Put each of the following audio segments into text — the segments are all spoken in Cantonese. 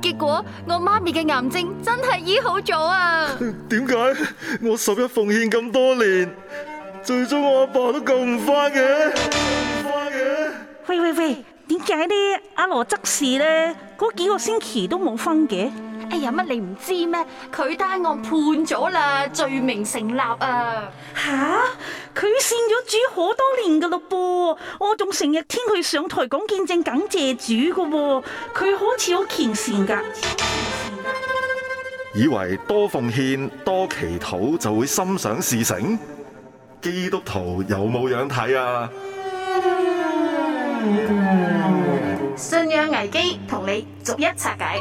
結果我媽咪嘅癌症真係醫好咗啊！點解我十一奉獻咁多年，最終我阿爸都救唔返嘅？救唔返嘅，喂喂喂，點解呢阿羅執事咧幾個星期都冇分嘅？哎呀乜你唔知咩？佢單案判咗啦，罪名成立啊！吓、啊，佢先。主好多年噶咯噃，我仲成日聽佢上台講見證，感謝主噶，佢好似好虔善噶。以為多奉獻多祈禱就會心想事成，基督徒有冇樣睇啊？信仰危機同你逐一拆解，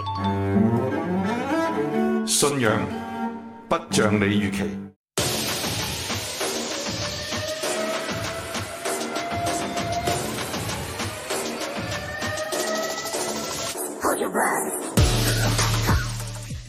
信仰不像你預期。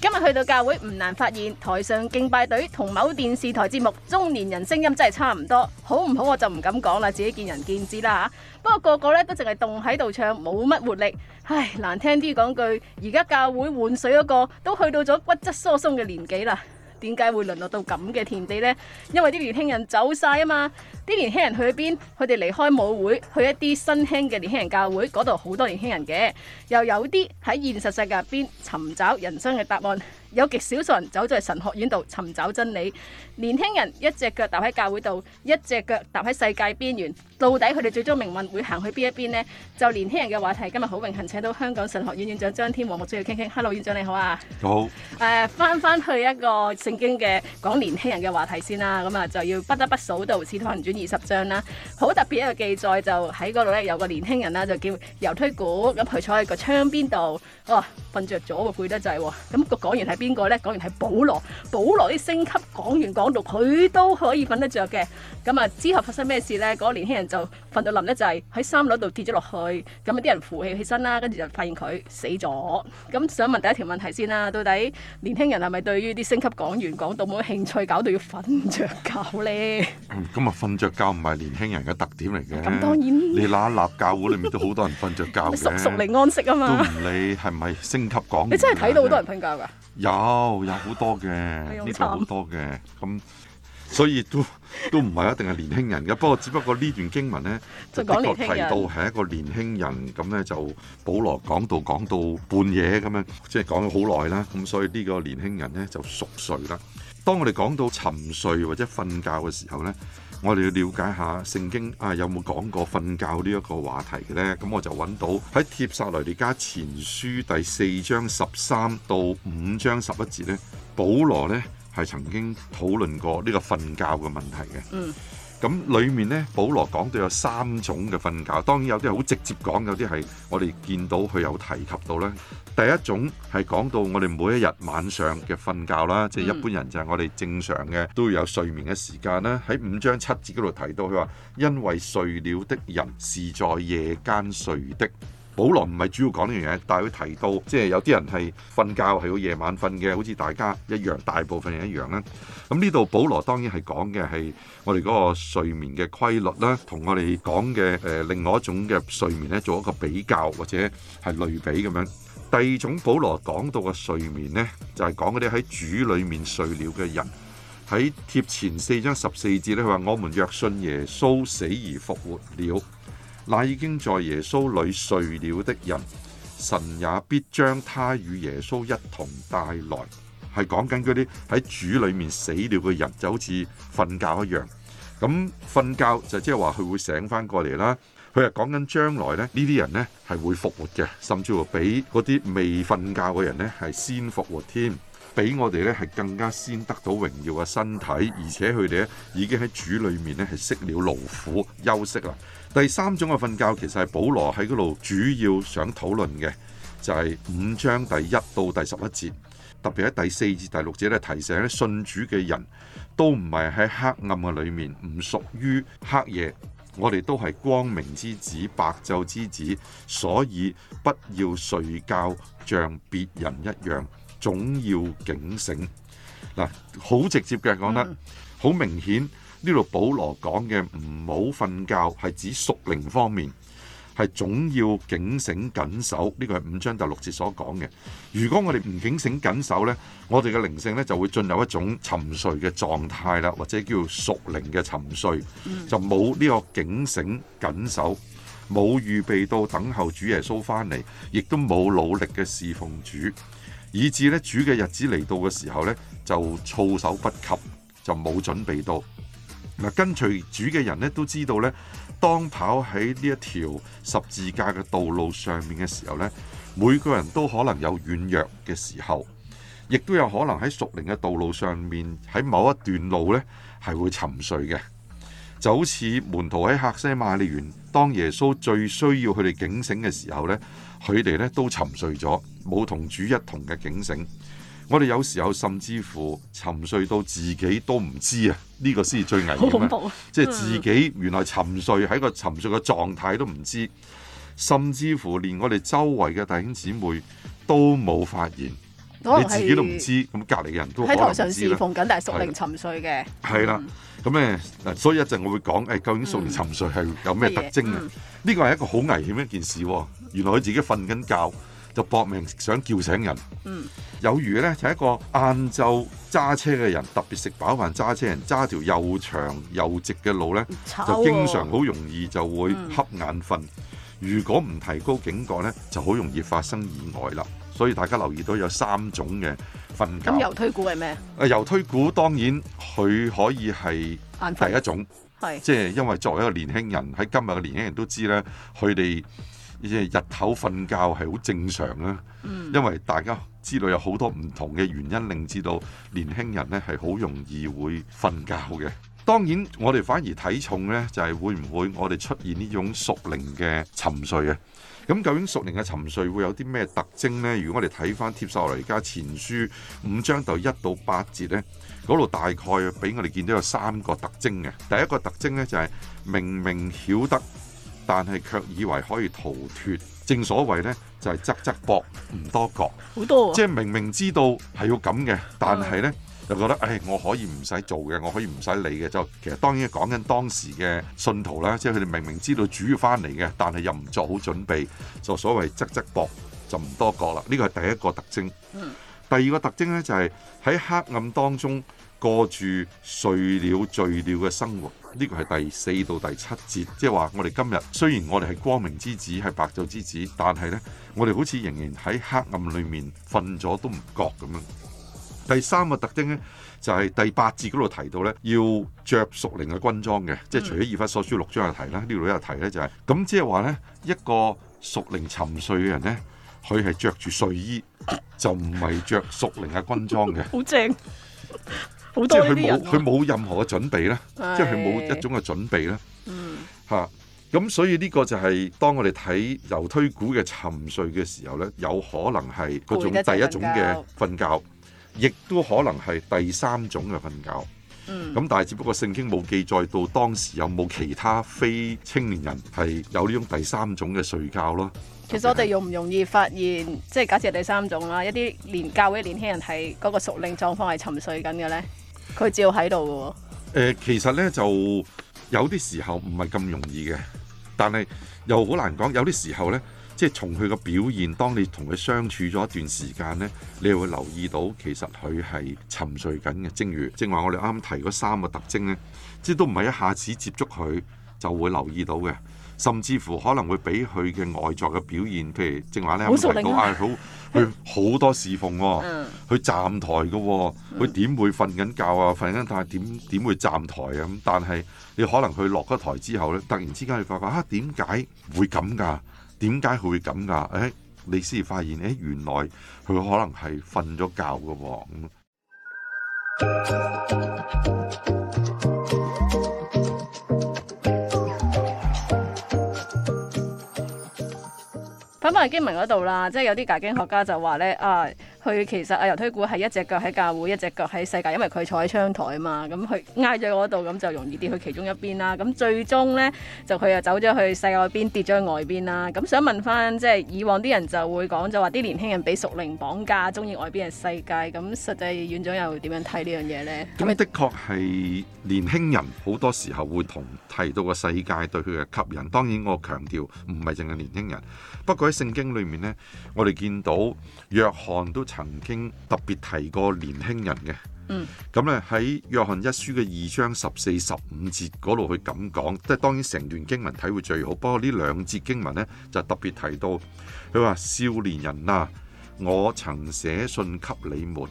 今日去到教會，唔難發現台上敬拜隊同某電視台節目中年人聲音真係差唔多，好唔好我就唔敢講啦，自己見仁見智啦吓。不過個個咧都淨係棟喺度唱，冇乜活力，唉，難聽啲講句，而家教會換水嗰個都去到咗骨質疏鬆嘅年紀啦。點解會淪落到咁嘅田地呢？因為啲年輕人走晒啊嘛！啲年輕人去邊？佢哋離開舞會，去一啲新興嘅年輕人教會，嗰度好多年輕人嘅，又有啲喺現實世界入邊尋找人生嘅答案，有極少數人走在神學院度尋找真理。年輕人一隻腳踏喺教會度，一隻腳踏喺世界邊緣。到底佢哋最終命運會行去邊一邊呢？就年輕人嘅話題，今日好榮幸請到香港神學院院長張天和牧師嚟傾傾。Hello，院長你好啊！好。誒、呃，翻翻去一個聖經嘅講年輕人嘅話題先啦。咁啊，就要不得不數到《使徒行傳》二十章啦。好特別一個記載就喺嗰度咧，有個年輕人啦，就叫猶推古，咁佢坐喺個窗邊度，哦，瞓着咗喎，攰得滯喎。咁講完講員係邊個咧？講員係保羅。保羅啲星級講員講到佢都可以瞓得着嘅。咁啊，之後發生咩事咧？嗰、那個年輕人，就瞓到冧一滯，喺三樓度跌咗落去，咁啲人扶起起身啦，跟住就發現佢死咗。咁想問第一條問題先啦，到底年輕人係咪對於啲星級講員講到冇興趣，搞到要瞓著覺咧？咁啊，瞓著覺唔係年輕人嘅特點嚟嘅。咁當然，你嗱嗱教會裏面都好多人瞓著覺嘅。熟熟嚟安息啊嘛。都唔理係唔係星級講員。你真係睇到好多人瞓覺㗎？有有好多嘅，呢度好多嘅咁。所以都都唔係一定係年輕人嘅，不過只不過呢段經文咧，就的確提到係一個年輕人，咁呢就保羅講到講到半夜咁樣，即係講咗好耐啦。咁所以呢個年輕人呢，就熟睡啦。當我哋講到沉睡或者瞓覺嘅時候呢，我哋要了解下聖經啊有冇講過瞓覺呢一個話題嘅呢？咁我就揾到喺帖撒羅尼迦前書第四章十三到五章十一節呢，保羅呢，係曾經討論過呢個瞓覺嘅問題嘅，咁、嗯、裏面呢，保羅講到有三種嘅瞓覺，當然有啲好直接講，有啲係我哋見到佢有提及到咧。第一種係講到我哋每一日晚上嘅瞓覺啦，即係一般人就係我哋正常嘅都要有睡眠嘅時間啦。喺五章七節嗰度提到，佢話，因為睡了的人是在夜間睡的。保羅唔係主要講呢樣嘢，但係佢提到即係有啲人係瞓覺係要夜晚瞓嘅，好似大家一樣，大部分人一樣啦。咁呢度保羅當然係講嘅係我哋嗰個睡眠嘅規律啦，同我哋講嘅誒另外一種嘅睡眠咧做一個比較或者係類比咁樣。第二種保羅講到嘅睡眠咧，就係講嗰啲喺主裏面睡了嘅人，喺帖前四章十四節咧，佢話：我們若信耶穌死而復活了。那已經在耶穌裡睡了的人，神也必將他與耶穌一同帶來。係講緊嗰啲喺主裡面死了嘅人，就好似瞓覺一樣。咁瞓覺就即係話佢會醒翻過嚟啦。佢係講緊將來咧，這些呢啲人咧係會復活嘅，甚至乎比嗰啲未瞓覺嘅人咧係先復活添，比我哋咧係更加先得到榮耀嘅身體，而且佢哋咧已經喺主裡面咧係息了勞苦，休息啦。第三種嘅瞓覺，其實係保羅喺嗰度主要想討論嘅，就係五章第一到第十一節，特別喺第四節、第六節咧，提醒啲信主嘅人都唔係喺黑暗嘅裏面，唔屬於黑夜，我哋都係光明之子、白晝之子，所以不要睡覺像別人一樣，總要警醒。嗱，好直接嘅講得好明顯。呢度保羅講嘅唔好瞓覺，係指屬靈方面，係總要警醒緊守。呢個係五章第六節所講嘅。如果我哋唔警醒緊守呢，我哋嘅靈性咧就會進入一種沉睡嘅狀態啦，或者叫屬靈嘅沉睡，就冇呢個警醒緊守，冇預備到等候主耶穌翻嚟，亦都冇努力嘅侍奉主，以至咧主嘅日子嚟到嘅時候呢，就措手不及，就冇準備到。跟隨主嘅人咧都知道咧，當跑喺呢一條十字架嘅道路上面嘅時候咧，每個人都可能有軟弱嘅時候，亦都有可能喺屬靈嘅道路上面喺某一段路咧係會沉睡嘅，就好似門徒喺客西馬尼園，當耶穌最需要佢哋警醒嘅時候咧，佢哋咧都沉睡咗，冇同主一同嘅警醒。我哋有時候甚至乎沉睡到自己都唔知啊！呢、這個先係最危險，恐怖啊。嗯、即係自己原來沉睡喺個沉睡嘅狀態都唔知，甚至乎連我哋周圍嘅弟兄姊妹都冇發現，能你自己都唔知，咁隔離嘅人都喺、啊、台上侍奉緊，但係屬靈沉睡嘅。係啦，咁咧、嗯，所以一陣我會講，誒究竟屬靈沉睡係有咩特徵啊？呢個係一個好危險嘅一件事喎、啊！原來佢自己瞓緊覺。就搏命想叫醒人，有如、嗯、呢，就係、一個晏晝揸車嘅人，特別食飽飯揸車人揸條又長又直嘅路呢，啊、就經常好容易就會瞌眼瞓。嗯、如果唔提高警覺呢，就好容易發生意外啦。所以大家留意到有三種嘅瞓覺。咁油推股係咩？誒油推股當然佢可以係第一種，即係因為作為一個年輕人喺今日嘅年輕人都知呢，佢哋。日頭瞓覺係好正常啊，因為大家知道有好多唔同嘅原因，令至到年輕人咧係好容易會瞓覺嘅。當然，我哋反而睇重呢，就係會唔會我哋出現呢種屬靈嘅沉睡啊？咁究竟屬靈嘅沉睡會有啲咩特徵呢？如果我哋睇翻帖撒羅尼迦前書五章就一到八節呢，嗰度大概俾我哋見到有三個特徵嘅。第一個特徵呢，就係明明曉得。但係卻以為可以逃脫，正所謂呢，就係側側膊唔多覺，好多啊、即係明明知道係要咁嘅，但係呢，又、嗯、覺得誒我可以唔使做嘅，我可以唔使理嘅就，其實當然講緊當時嘅信徒啦，即係佢哋明明知道主要翻嚟嘅，但係又唔做好準備，就所謂側側膊就唔多覺啦，呢、這個係第一個特徵。嗯、第二個特徵呢，就係、是、喺黑暗當中。過住睡了醉了嘅生活，呢個係第四到第七節，即係話我哋今日雖然我哋係光明之子，係白晝之子，但係呢，我哋好似仍然喺黑暗裏面瞓咗都唔覺咁樣。第三個特徵呢，就係第八節嗰度提到呢，要着屬靈嘅軍裝嘅，即係除咗以弗所書六章有提啦，呢度都有提呢，就係咁，即係話呢一個屬靈沉睡嘅人呢，佢係着住睡衣，就唔係着屬靈嘅軍裝嘅，好正。即係佢冇佢冇任何嘅準備咧，即係佢冇一種嘅準備咧，吓，咁所以呢個就係當我哋睇猶推古嘅沉睡嘅時候咧，有可能係嗰種第一種嘅瞓覺，亦都可能係第三種嘅瞓覺。咁但係只不過聖經冇記載到當時有冇其他非青年人係有呢種第三種嘅睡覺咯。其實我哋容唔容易發現，即係假設第三種啦，一啲年教嘅年輕人係嗰個屬靈狀況係沉睡緊嘅咧？佢照喺度喎。誒，其實呢，就有啲時候唔係咁容易嘅，但係又好難講。有啲時候呢，即係從佢嘅表現，當你同佢相處咗一段時間呢，你會留意到其實佢係沉睡緊嘅。正如正話，我哋啱啱提嗰三個特徵呢，即係都唔係一下子接觸佢就會留意到嘅。甚至乎可能會俾佢嘅外在嘅表現，譬如正話咧，好崇高啊，好佢好多侍奉喎、哦，去、嗯、站台嘅、哦，佢點、嗯、會瞓緊覺啊？瞓緊但係點點會站台啊？咁但係你可能佢落咗台之後咧，突然之間你發覺啊，點解會咁㗎？點解佢會咁㗎？誒、哎，你先至發現誒、哎，原來佢可能係瞓咗覺嘅喎、哦。嗯因為經文嗰度啦，即係有啲解經學家就話咧啊。佢其實啊，猶推古係一隻腳喺教會，一隻腳喺世界，因為佢坐喺窗台啊嘛，咁佢挨咗嗰度咁就容易跌去其中一邊啦。咁最終呢，就佢又走咗去世界外邊，跌咗去外邊啦。咁想問翻，即係以往啲人就會講，就話啲年輕人俾屬靈綁架，中意外邊嘅世界。咁實際院長又點樣睇呢樣嘢呢？咁啊，的確係年輕人好多時候會同提到個世界對佢嘅吸引。當然我強調唔係淨係年輕人，不過喺聖經裏面呢，我哋見到約翰都曾經特別提過年輕人嘅咁咧，喺、嗯、約翰一書嘅二章十四十五節嗰度去咁講，即係當然成段經文睇會最好。不過呢兩節經文呢，就特別提到佢話少年人啊，我曾寫信給你們，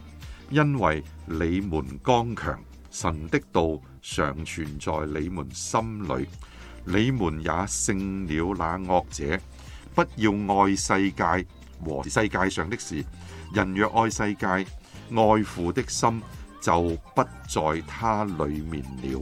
因為你們剛強，神的道常存在你們心裏，你們也勝了那惡者。不要愛世界和世界上的事。人若愛世界，愛父的心就不在他裏面了。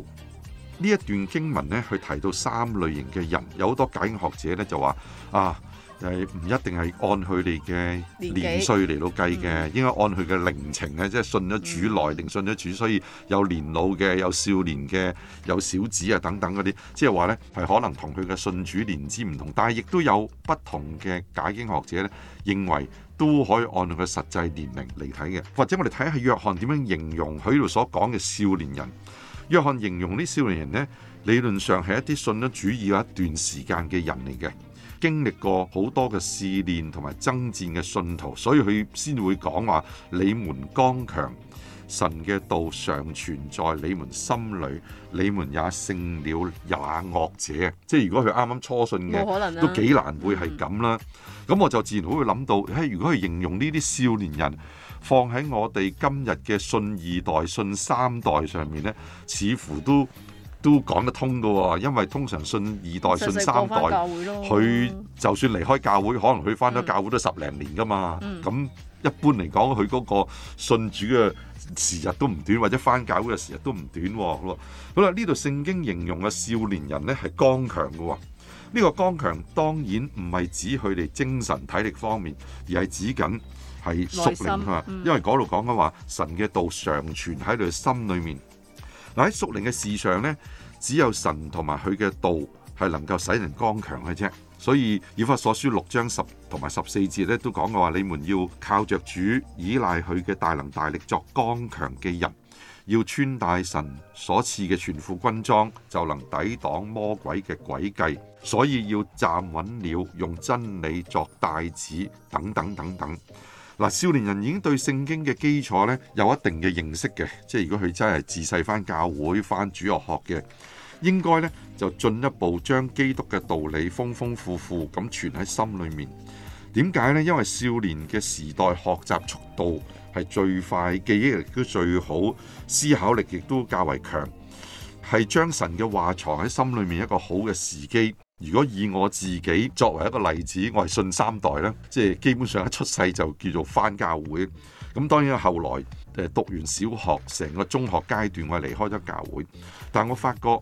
呢一段經文呢，佢提到三類型嘅人，有好多解經學者呢就話：啊，係唔一定係按佢哋嘅年歲嚟到計嘅，幾應該按佢嘅靈情呢，嗯、即係信咗主耐定信咗主，嗯、所以有年老嘅，有少年嘅，有小子啊等等嗰啲，即係話呢，係可能同佢嘅信主年資唔同，但係亦都有不同嘅解經學者呢認為。都可以按佢實際年齡嚟睇嘅，或者我哋睇下約翰點樣形容佢度所講嘅少年人。約翰形容啲少年人呢，理論上係一啲信咗主義有一段時間嘅人嚟嘅，經歷過好多嘅試煉同埋爭戰嘅信徒，所以佢先會講話：你們剛強。神嘅道常存在你們心裏，你們也勝了也惡者。即係如果佢啱啱初信嘅，啊、都幾難會係咁啦。咁、嗯、我就自然會諗到，嘿，如果佢形容呢啲少年人放喺我哋今日嘅信二代、信三代上面呢，似乎都都講得通噶、哦。因為通常信二代、信三代，佢就算離開教會，可能佢返咗教會都十零年噶嘛。咁、嗯、一般嚟講，佢嗰個信主嘅。時日都唔短，或者翻教會嘅時日都唔短。好啦，呢度聖經形容嘅少年人呢係剛強嘅。呢、呢個剛強當然唔係指佢哋精神體力方面，而係指緊係屬靈啊。嗯、因為嗰度講嘅話，神嘅道常存喺佢心裏面。嗱，喺屬靈嘅事上呢，只有神同埋佢嘅道係能夠使人剛強嘅啫。所以以弗所書六章十同埋十四節咧，都講過，話，你們要靠着主依賴佢嘅大能大力作剛強嘅人，要穿戴神所賜嘅全副軍裝，就能抵擋魔鬼嘅詭計。所以要站穩了，用真理作帶子，等等等等。嗱，少年人已經對聖經嘅基礎咧有一定嘅認識嘅，即係如果佢真係自細返教會返主學學嘅。應該咧就進一步將基督嘅道理豐豐富富咁存喺心裏面。點解呢？因為少年嘅時代學習速度係最快，記憶力都最好，思考力亦都較為強，係將神嘅話藏喺心裏面一個好嘅時機。如果以我自己作為一個例子，我係信三代啦，即係基本上一出世就叫做返教會。咁當然後來誒讀完小學，成個中學階段我係離開咗教會，但我發覺，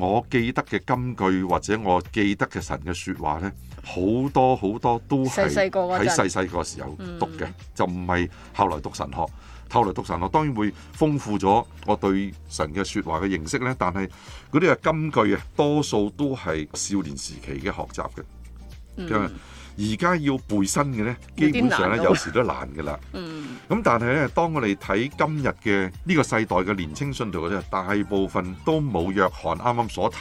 我記得嘅金句或者我記得嘅神嘅說話呢，好多好多都係喺細細個時候讀嘅，就唔係後來讀神學。後來讀神學當然會豐富咗我對神嘅說話嘅認識呢。但係嗰啲係金句啊，多數都係少年時期嘅學習嘅。嗯。而家要背身嘅呢，基本上咧有時都難嘅啦。嗯。咁但係咧，當我哋睇今日嘅呢個世代嘅年輕信徒咧，大部分都冇約翰啱啱所提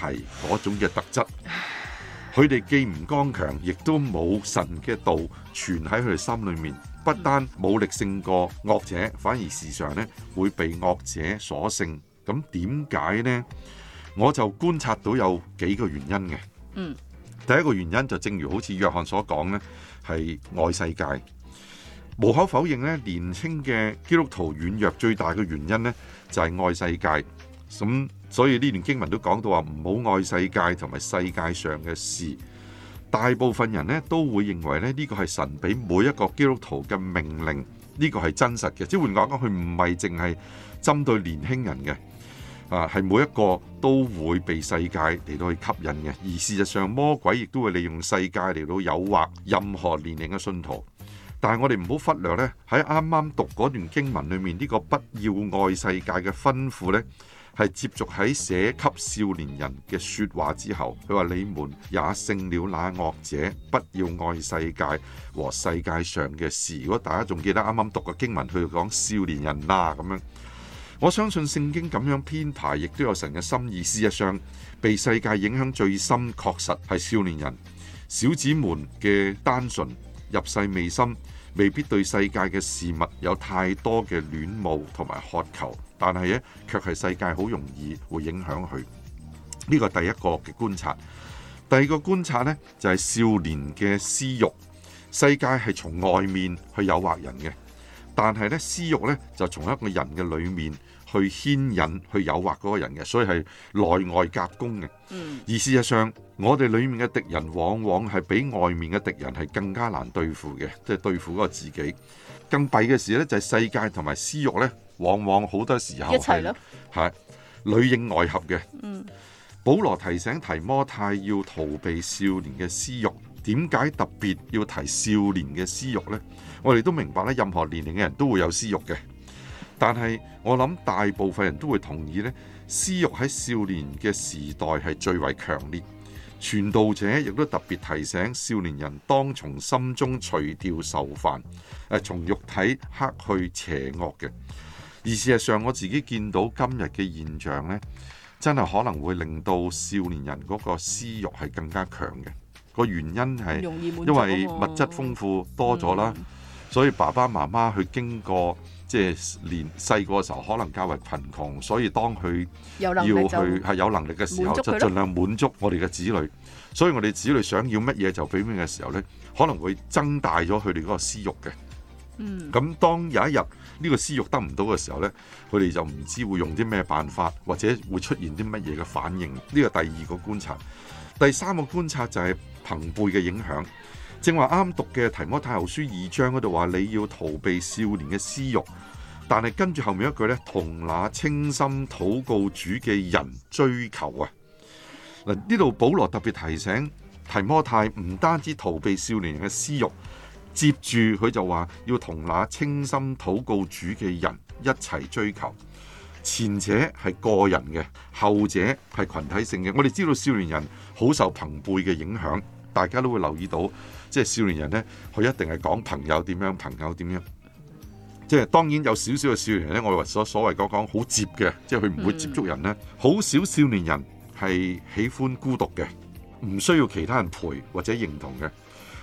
嗰種嘅特質。佢哋既唔剛強，亦都冇神嘅道存喺佢哋心裏面。不單冇力勝過惡者，反而時常咧會被惡者所勝。咁點解呢？我就觀察到有幾個原因嘅。嗯。第一個原因就正如好似約翰所講呢，係愛世界。無可否認呢，年輕嘅基督徒軟弱最大嘅原因呢，就係愛世界。咁所以呢段經文都講到話唔好愛世界同埋世界上嘅事。大部分人呢都會認為呢呢個係神俾每一個基督徒嘅命令，呢個係真實嘅。即係換句話講，佢唔係淨係針對年輕人嘅。啊，係每一個都會被世界嚟到去吸引嘅，而事實上魔鬼亦都會利用世界嚟到誘惑任何年齡嘅信徒。但係我哋唔好忽略呢，喺啱啱讀嗰段經文裡面呢、呢個不要愛世界嘅吩咐呢，係接續喺寫給少年人嘅説話之後。佢話你們也勝了那惡者，不要愛世界和世界上嘅事。如果大家仲記得啱啱讀嘅經文，佢講少年人啦咁樣。我相信聖經咁樣編排，亦都有神嘅心意。事實上，被世界影響最深，確實係少年人、小子們。嘅單純，入世未深，未必對世界嘅事物有太多嘅戀慕同埋渴求，但係呢，卻係世界好容易會影響佢。呢個第一個嘅觀察，第二個觀察呢，就係、是、少年嘅私欲，世界係從外面去誘惑人嘅。但係咧，私欲咧就從一個人嘅裡面去牽引、去誘惑嗰個人嘅，所以係內外夾攻嘅。嗯。而事實上，我哋裡面嘅敵人往往係比外面嘅敵人係更加難對付嘅，即係對付嗰個自己。更弊嘅事咧，就係世界同埋私欲咧，往往好多時候係，裡應外合嘅。嗯。保羅提醒提摩太要逃避少年嘅私欲。點解特別要提少年嘅私欲呢？我哋都明白咧，任何年齡嘅人都會有私欲嘅。但係我諗大部分人都會同意咧，私欲喺少年嘅時代係最為強烈。傳道者亦都特別提醒少年人當從心中除掉愁煩，誒、呃、從肉體克去邪惡嘅。而事實上，我自己見到今日嘅現象咧，真係可能會令到少年人嗰個私欲係更加強嘅。個原因係因為物質豐富多咗啦，所以爸爸媽媽去經過即係年細個嘅時候，可能較為貧窮，所以當佢要去係有能力嘅時候，就儘量滿足我哋嘅子女。所以我哋子女想要乜嘢就俾佢嘅時候呢，可能會增大咗佢哋嗰個私欲嘅。嗯，咁當有一日呢個私欲得唔到嘅時候呢，佢哋就唔知會用啲咩辦法，或者會出現啲乜嘢嘅反應。呢個第二個觀察，第三個觀察就係，朋輩嘅影響，正話啱讀嘅提摩太後書二章嗰度話，你要逃避少年嘅私欲，但係跟住後面一句咧，同那清心禱告主嘅人追求啊！嗱，呢度保羅特別提醒提摩太，唔單止逃避少年人嘅私欲，接住佢就話要同那清心禱告主嘅人一齊追求。前者係個人嘅，後者係群體性嘅。我哋知道少年人好受朋輩嘅影響。大家都會留意到，即係少年人呢，佢一定係講朋友點樣，朋友點樣。即係當然有少少嘅少年人呢，我話所所謂講講好接嘅，即係佢唔會接觸人呢。好、mm. 少少年人係喜歡孤獨嘅，唔需要其他人陪或者認同嘅。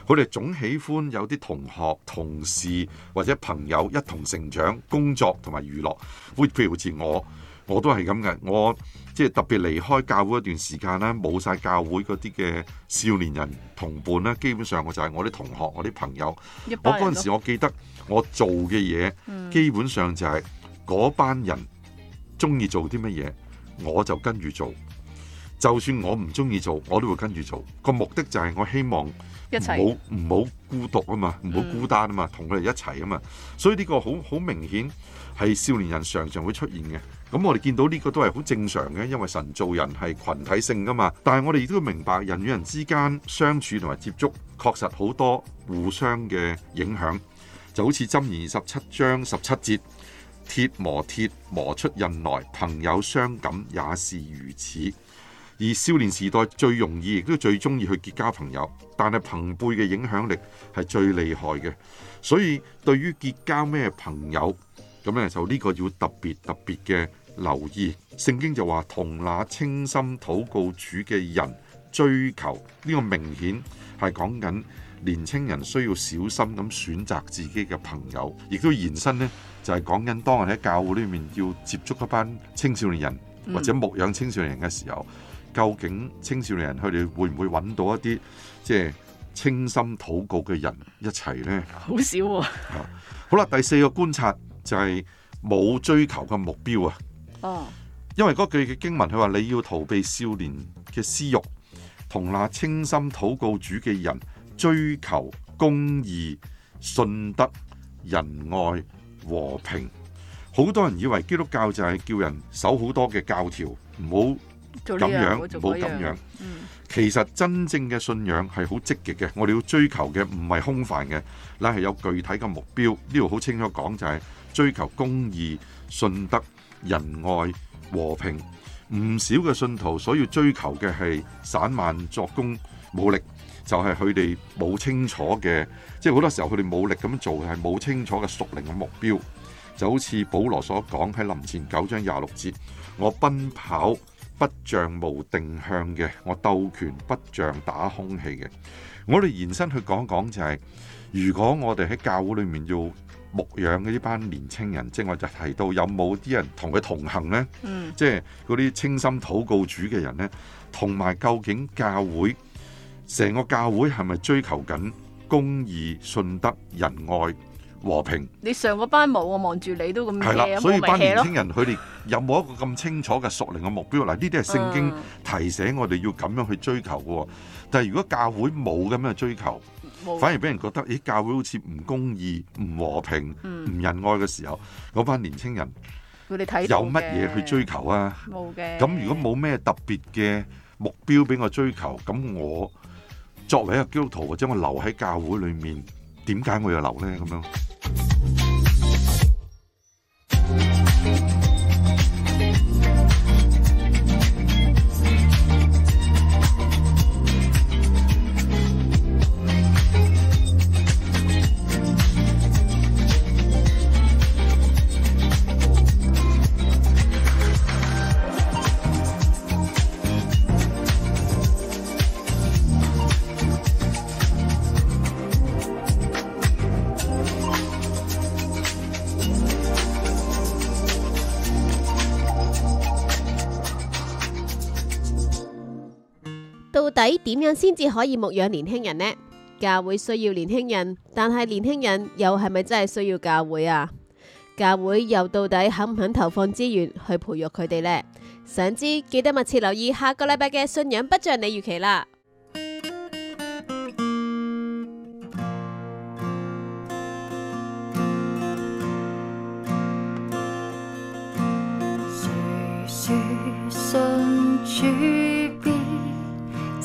佢哋總喜歡有啲同學、同事或者朋友一同成長、工作同埋娛樂。會譬如好似我，我都係咁嘅，我。即係特別離開教會一段時間啦，冇晒教會嗰啲嘅少年人同伴啦，基本上就我就係我啲同學、我啲朋友。我嗰陣時，我記得我做嘅嘢，嗯、基本上就係嗰班人中意做啲乜嘢，我就跟住做。就算我唔中意做，我都會跟住做。個目的就係我希望唔好唔好孤獨啊嘛，唔好孤單啊嘛，同佢哋一齊啊嘛。所以呢個好好明顯。係少年人常常會出現嘅，咁我哋見到呢個都係好正常嘅，因為神造人係群體性㗎嘛。但係我哋亦都要明白人與人之間相處同埋接觸，確實好多互相嘅影響，就好似《箴言》二十七章十七節：鐵磨鐵磨出刃來，朋友相感也是如此。而少年時代最容易亦都最鍾意去結交朋友，但係朋輩嘅影響力係最厲害嘅，所以對於結交咩朋友，咁咧就呢個要特別特別嘅留意。聖經就話，同那清心禱告主嘅人追求。呢個明顯係講緊年輕人需要小心咁選擇自己嘅朋友，亦都延伸呢就係講緊當人喺教會裏面要接觸一班青少年人或者牧養青少年人嘅時候，究竟青少年人佢哋會唔會揾到一啲即係清心禱告嘅人一齊呢？好少啊！好啦，第四個觀察。就係冇追求嘅目標啊！因為嗰句嘅經文，佢話你要逃避少年嘅私慾，同那清心禱告主嘅人追求公義、信德、仁愛、和平。好多人以為基督教就係叫人守好多嘅教條，唔好咁樣，唔好咁樣。其實真正嘅信仰係好積極嘅，我哋要追求嘅唔係空泛嘅，你係有具體嘅目標。呢度好清楚講就係、是。追求公義、信德、仁愛、和平，唔少嘅信徒所要追求嘅係散漫作工、武力，就係佢哋冇清楚嘅，即係好多時候佢哋武力咁樣做，係冇清楚嘅屬靈嘅目標。就好似保羅所講喺林前九章廿六節：我奔跑不像無定向嘅，我鬥拳不像打空氣嘅。我哋延伸去講講就係，如果我哋喺教會裏面要。牧養嘅呢班年青人，即係我就提到有冇啲人同佢同行咧？嗯，即係嗰啲清心禱告主嘅人咧，同埋究竟教會成個教會係咪追求緊公義、信德、仁愛、和平？你上個班冇，我望住你都咁嘅，所以班年青人佢哋有冇一個咁清楚嘅屬靈嘅目標？嗱，呢啲係聖經提醒我哋要咁樣去追求嘅。但係如果教會冇咁樣去追求，反而俾人覺得，咦，教會好似唔公義、唔和平、唔仁愛嘅時候，嗰班年青人有乜嘢去追求啊？冇嘅。咁如果冇咩特別嘅目標俾我追求，咁我作為一個基督徒或者我留喺教會裏面，點解我要留咧？咁樣。點樣先至可以牧養年輕人呢？教會需要年輕人，但係年輕人又係咪真係需要教會啊？教會又到底肯唔肯投放資源去培育佢哋呢？想知記得密切留意下個禮拜嘅《信仰不像你預期》啦。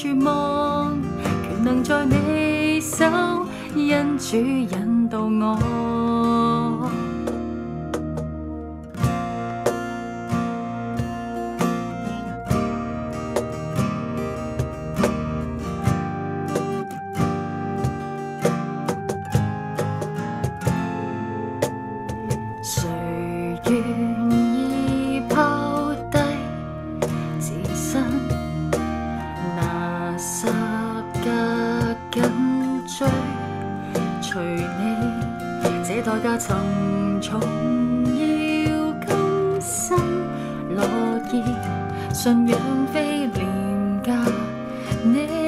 全能在你手，因主引導我。代價沉重，要今生落葉，信仰非廉價。